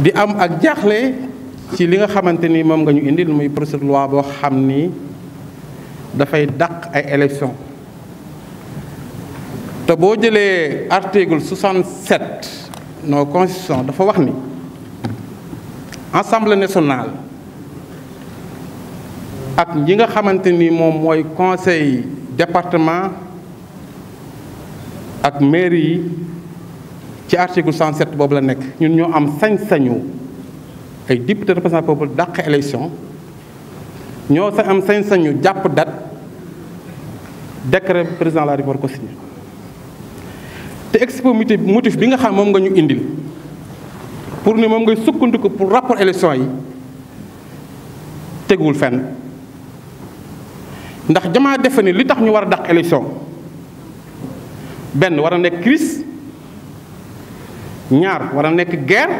di am ak jaaxle ci li nga xamante ni moom nga ñu indil muy procédure boo xam ni dafay dàq ay élection te boo jëlee article 67 noo constitution dafa wax ni assemblée nationale ak ñi nga xamante ni moom mooy conseil département ak mairie yi ci article 107 boobu la nekk ñun ñoo am sañ-sañu ay député représentant peuple dàq élection ñoo sa am sañ-sañu jàpp date décret président la République war ko signé te exposé motif bi nga xam moom nga ñu indil pour ni moom ngay sukkandiku pour rapport élection yi teguwul fenn ndax jamaa defe ni li tax ñu war a dàq élection benn war a nekk crise ñaar war a nekk guerre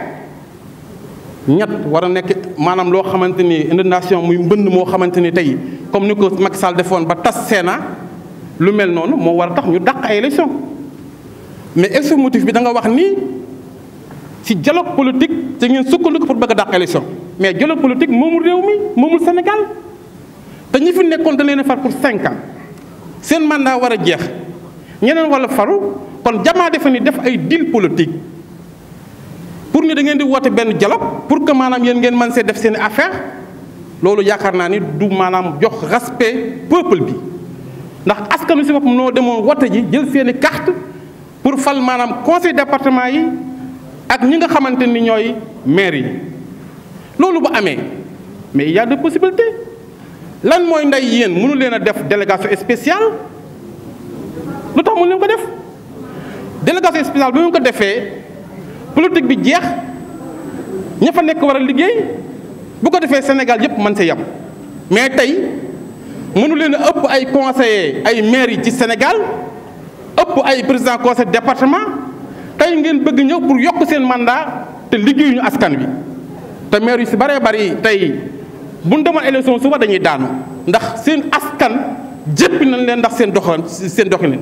ñett war a nekk maanaam loo xamante ni inondation muy mbënn moo xamante ni tey comme ni ko mag Sall defoon ba tas Sénat lu mel noonu moo war a tax ñu dàq ay élection mais est bi da nga wax ni ci dialogue politique ci ngeen sukkandiku pour bëgg a dàq mais dialogue politique moomul réew mi moomul Sénégal te ñi fi nekkoon da leen far pour cinq ans seen mandat war a jeex ñeneen wala faru kon jamaa defe ni def ay deal politique. da ngeen di woote benn dialogue pour que maanaam yéen ngeen man see def seen affaire loolu yaakaar naa ni du maanaam jox respect peuple bi ndax askanu si boppam noo demoon woote ji jël seen i pour fal maanaam conseil département yi ak ñi nga xamante ni ñooy maire yi loolu bu amee mais il y a lan mooy ndey yéen munu leen a def délégation spéciale lu tax mënu leen ko def délégation spéciale bi mu ko defee. politique bi jeex ña fa nekk war a liggéey bu ko defee Sénégal yëpp man see yam mais tey mënu leen ëpp ay conseillers ay maires yi ci Sénégal ëpp ay président conseil département tey ngeen bëgg ñëw pour yokk seen mandat te liggéeyuñu askan wi te maire yu si bëree bëri tey bu ñu demoon élection suba dañuy daanu ndax seen askan jéppi nañ leen ndax seen doxalin seen doxalin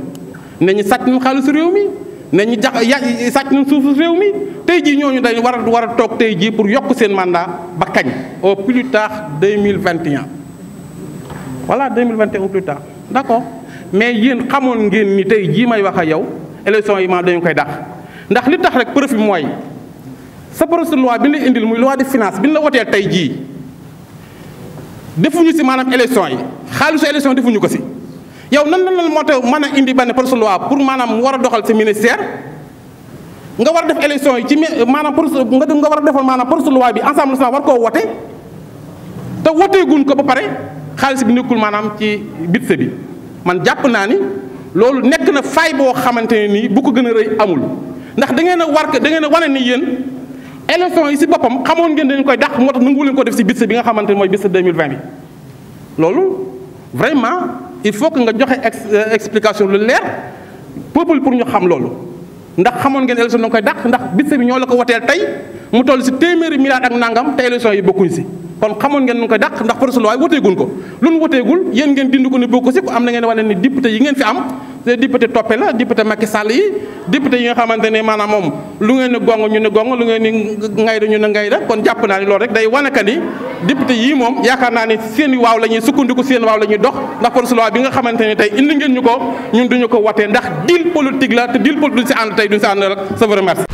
ne ñu sàcc nañ xaalisu réew mi. ne ñu jax ya sàcc nañ suufu réew mi tey jii ñooñu dañu war a war a toog tey jii pour yokk seen mandat ba kañ au plus tard 2021 voilà 2021 au plus tard d' accord mais yéen xamoon ngeen ni tey jii may wax a yow élection yi maanaam dañu koy dàq ndax li tax rek preuve mooy sa projet loi bi la indil muy loi de finance bi ñu la wotee tey jii defuñu si maanaam élection yi xaalisu élection defuñu ko si yow nan lan moo tax mën a indi benn projet loi pour maanaam war a doxal sa ministère nga war a def élection yi ci maanaam projet nga war a defal maanaam projet loi bi ensemble sama war koo wote te woteeguñ ko ba pare xaalis bi nekkul maanaam ci bitse bi man jàpp naa ni loolu nekk na faay boo xamante ne nii bu ko gën a rëy amul ndax da ngeen a war da ngeen a wane ni yéen élection yi si boppam xamoon ngeen dañ koy dàq moo tax nangu leen ko def si bitse bi nga xamante ne mooy bitse 2020 bi loolu il faut que nga joxe euh, explication lu leer peuple pour ñu xam loolu ndax xamoon ngeen élection da nga koy dàq ndax bés bi ñoo la ko wateel tey mu toll si téeméeri milliards ak nangam te élection yi bokkuñ si kon xamoon ngeen nu koy dàq ndax projet de loi woteeguñ ko lu nu woteegul yéen ngeen dind ko ne bokk si ko am na ngeen wane ni député yi ngeen fi am te député toppe la député Macky Sall yi député yi nga xamante ne maanaam moom lu ngeen ni gong ñu ne gong lu ngeen ni da ñu ne ngayda kon jàpp naa ni loolu rek day wane que ni député yii moom yaakaar naa ne seen waaw la ñuy sukkandiku seen waaw la ñuy dox ndax kon su bi nga xamante ne tey indi ngeen ñu ko ñun duñu ko watee ndax deal politique la te deal politique du si ànd tey duñu si ànd rek ça vous remercie